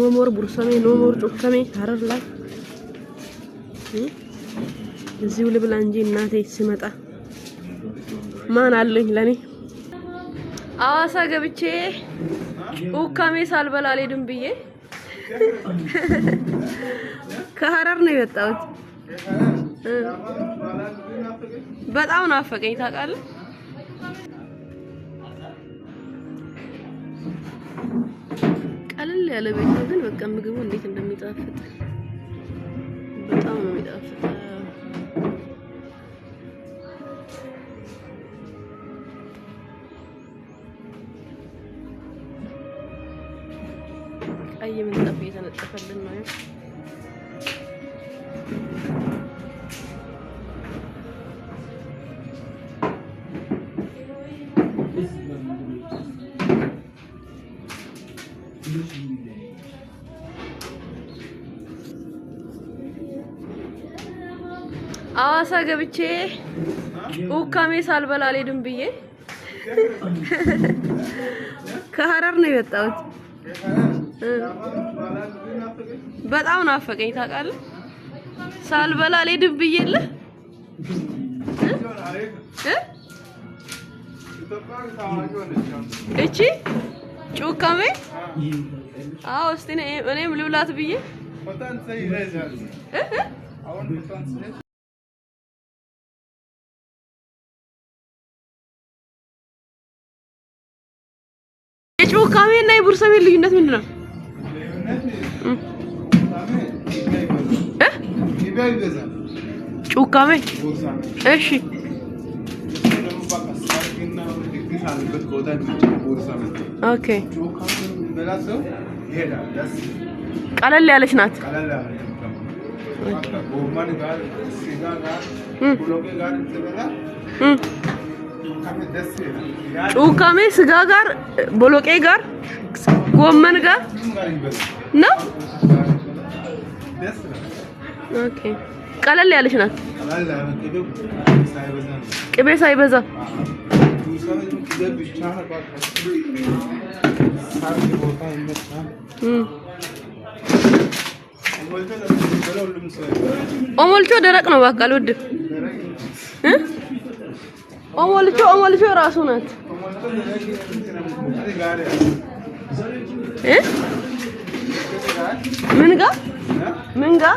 ኖ ሞር ቡርሰሜ፣ ኖ ሞር ጩከሜ። ሀረር ላይ እዚሁ ልብላ እንጂ እናቴ ስመጣ ማን አለኝ ለኔ። አዋሳ ገብቼ ጩከሜ ሳልበላ አልሄድም ብዬ ከሀረር ነው የወጣሁት። በጣም ናፈቀኝ ታውቃለህ። ያለ ቤት ነው። ግን በቃ ምግቡ እንዴት እንደሚጣፍጥ በጣም ነው የሚጣፍጥ። ቀይ ምንጣፍ እየተነጠፈልን ነው። አዋሳ ገብቼ ኡካሜ ሳልበላ አልሄድም ብዬ ከሀረር ነው የወጣሁት። በጣም ናፈቀኝ ታውቃለህ። ሳልበላ አልሄድም ብዬልህ እቺ ጩካሜ አዎ፣ እስቲ እኔም ልብላት ብዬ የጭካሜ እና የቡርሳሜ ልዩነት ምንድን ነው? ጭካሜ እሺ። ኦኬ ቀለል ያለች ናት። ጩካሜ ስጋ ጋር ቦሎቄ ጋር ጎመን ጋር ነው። ኦኬ ቀለል ያለች ናት። ቅቤ ሳይበዛ ኦሞልቾ ደረቅ ነው። በቃ አልወድም። ኦሞልቾ ኦሞልቾ ራሱ ናት እ ምን ጋ ምን ጋ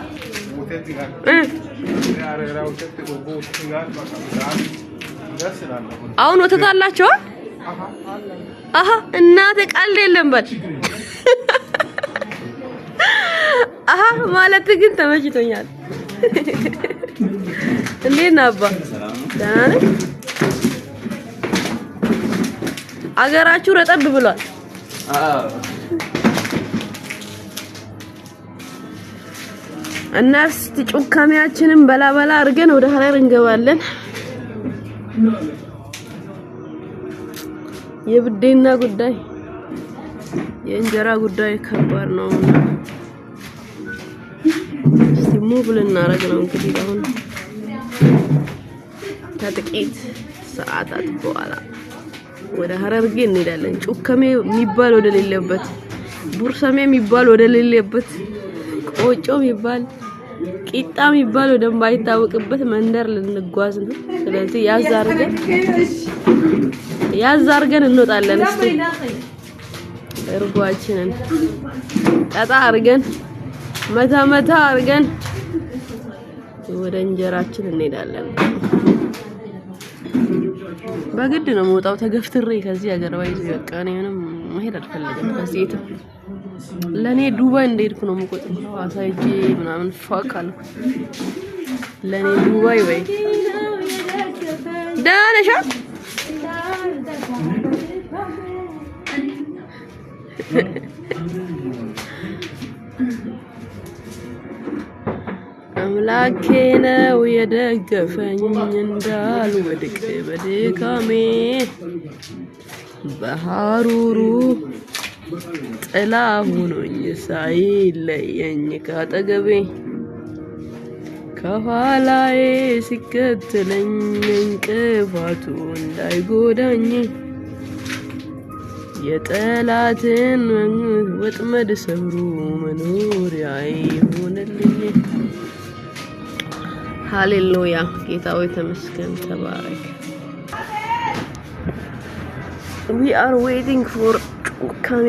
አሁን ወተት አላቸው። አሀ እናት ቀልድ የለም በል። አሀ ማለት ግን ተመችቶኛል። እንዴት ነህ አባ? ደህና ነህ? አገራችሁ ረጠብ ብሏል። እና እስቲ ጭካሜያችንን በላበላ አድርገን ወደ ሀረር እንገባለን። የብዴና ጉዳይ የእንጀራ ጉዳይ ከባድ ነው። እስቲ ሙቭ ልናደርግ ነው እንግዲህ አሁን ከጥቂት ሰዓታት በኋላ ወደ ሀረርጌ እንሄዳለን። ጩከሜ የሚባል ወደሌለበት፣ ቡርሰሜ የሚባል ወደ ሌለበት ቆጮ የሚባል ቂጣ የሚባል ማይታወቅበት መንደር ልንጓዝ ነው። ስለዚህ ያዝ አድርገን ያዝ አድርገን እንወጣለን። እስቲ እርጓችንን ጠጣ አድርገን መታ መታ አድርገን ወደ እንጀራችን እንሄዳለን። በግድ ነው መውጣው ተገፍትሬ ከዚህ ሀገር ባይዘ በቃ እኔ ምንም መሄድ አልፈለግም። ከዚህ የትም ለእኔ ዱባይ እንደሄድኩ ነው የምቆጥረው። ሐዋሳ ምናምን ፋክ አልኩ። ለእኔ ዱባይ ወይ ደህና ነሽ አምላኬ ነው የደገፈኝ እንዳልወድቅ በድካሜ በሐሩሩ ጥላ ሆኖኝ ሳይለየኝ ካጠገቤ ከኋላዬ ሲከተለኝ እንቅፋቱ እንዳይጎዳኝ የጠላትን ወጥመድ ሰብሮ መኖሪያዬ ይሆንልኝ ሃሌሉያ ጌታ ሆይ ተመስገን፣ ተባረክ። ዊ አር ዌይቲንግ ፎር ጩካሜ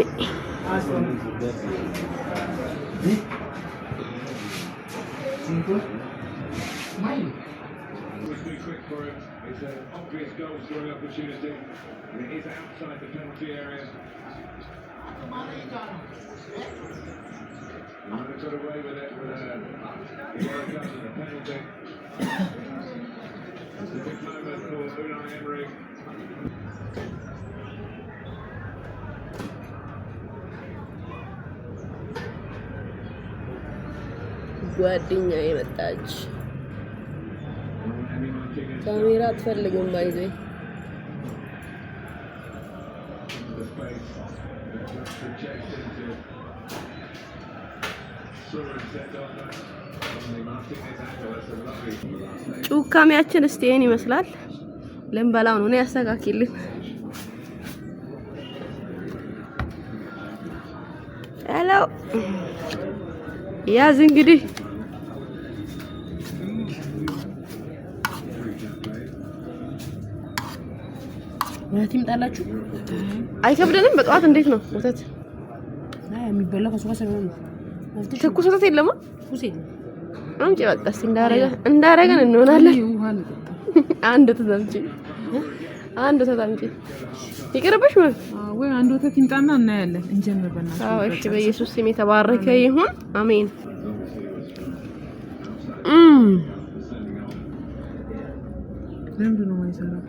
It's an obvious goal scoring opportunity and it is outside the penalty area. ጓደኛ የመጣች ካሜራ አትፈልግም ባይዘኝ ጩካሚያችን እስቲ ይሄን ይመስላል። ልንበላው ነው። እኔ ያስተካክልኝ ሄሎ ያዝ እንግዲህ ወተት ይምጣላችሁ። አይከብደንም። በጠዋት እንዴት ነው ወተት የሚበላ ከሱ ጋር ስለሆነ ትኩስ ወተት የለም አምጪ በቃ እንዳረገን እንሆናለን። አንድ ወተት አምጪ፣ አንድ ወተት አምጪ። ይቅርብሽ ማለት ወይ አንድ ወተት ይምጣና እናያለን። እንጀምር በእናትሽ። አዎ እሺ፣ በኢየሱስ ስም የተባረከ ይሁን። አሜን። ምንድን ነው የማይሰራው?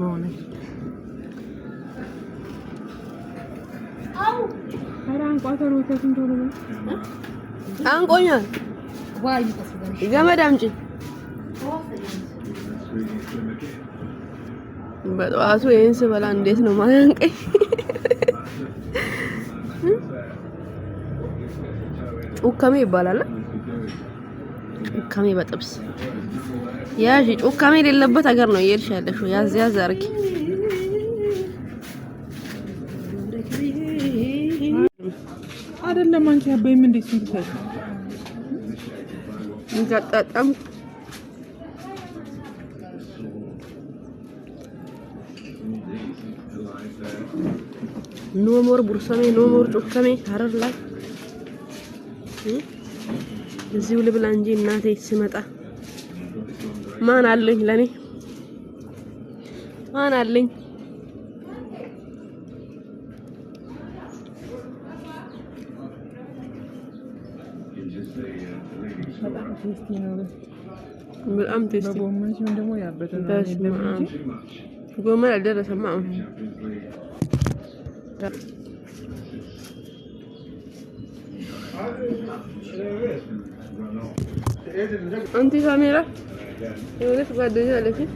በእውነት አንቆኛል። ገመድ አምጪ። በጠዋቱ ይህን ስበላ እንዴት ነው ማያንቀኝ? ኡከሜ ይባላል። ጮካሜ በጥብስ ያዥ። ጩካሜ የሌለበት ሀገር ነው እየሄድሽ ያለሽው። ያዝ ያዝ አድርጊ። አይደለም አንቺ አባይም እንዴት ቡርሰሜ ሀረር ላይ እዚሁ ልብላ እንጂ እናቴ ስመጣ ማን አለኝ? ለኔ ማን አለኝ? በጣም ቴስቲ ጎመን አልደረሰማ። አንቲ ሳሜራ የሆነች ጓደኛ አለችኝ።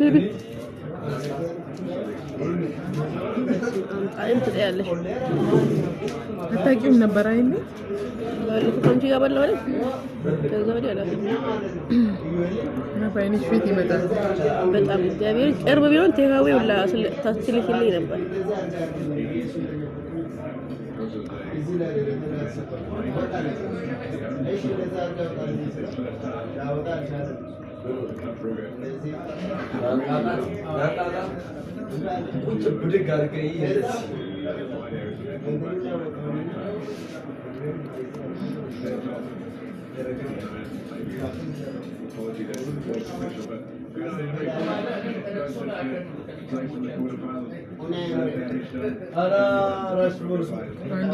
ቤቢ አምጣ ትጠያለሽ። አታውቂውም ነበር አይደል? ባለፈው ከአንቺ ጋር ባለ ማለት ከዛ ወዲህ አላውቅም። በአይንሽ ፊት ይመጣል በጣም እግዚአብሔር ቅርብ ቢሆን ቴካዌ ሁላ ታስልሽልኝ ነበር። ቁጭ ብድግ አድርገህ عندك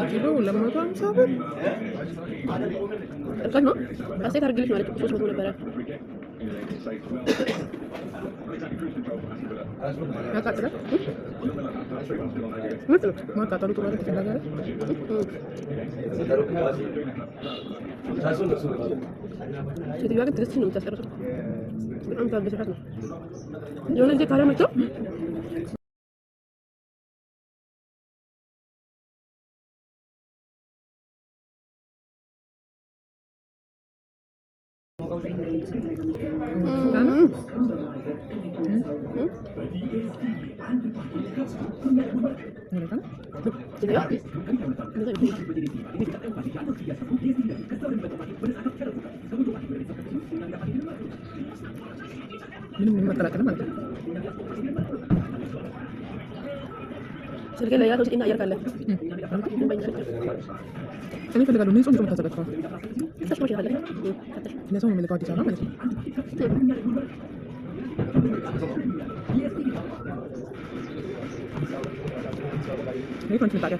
كيلو ولا مرة مسافر؟ فاهمة؟ بس هرجلك مالك مش مضمونة بلا よかったら、もっと、もっと当たるところだけながら。저도 요약에 드레스 놓자 새로 그럼 더 미세가 요는 이제 가려면 좀 나는 Миритон? Тебя? Minum mata kan mana? Sebagai layar harus ini ayar kalah. Ini kalau kalau nisum cuma tak cakap. Kita semua cakap. Ini semua milik kau di sana. Thank you. 没空听大家。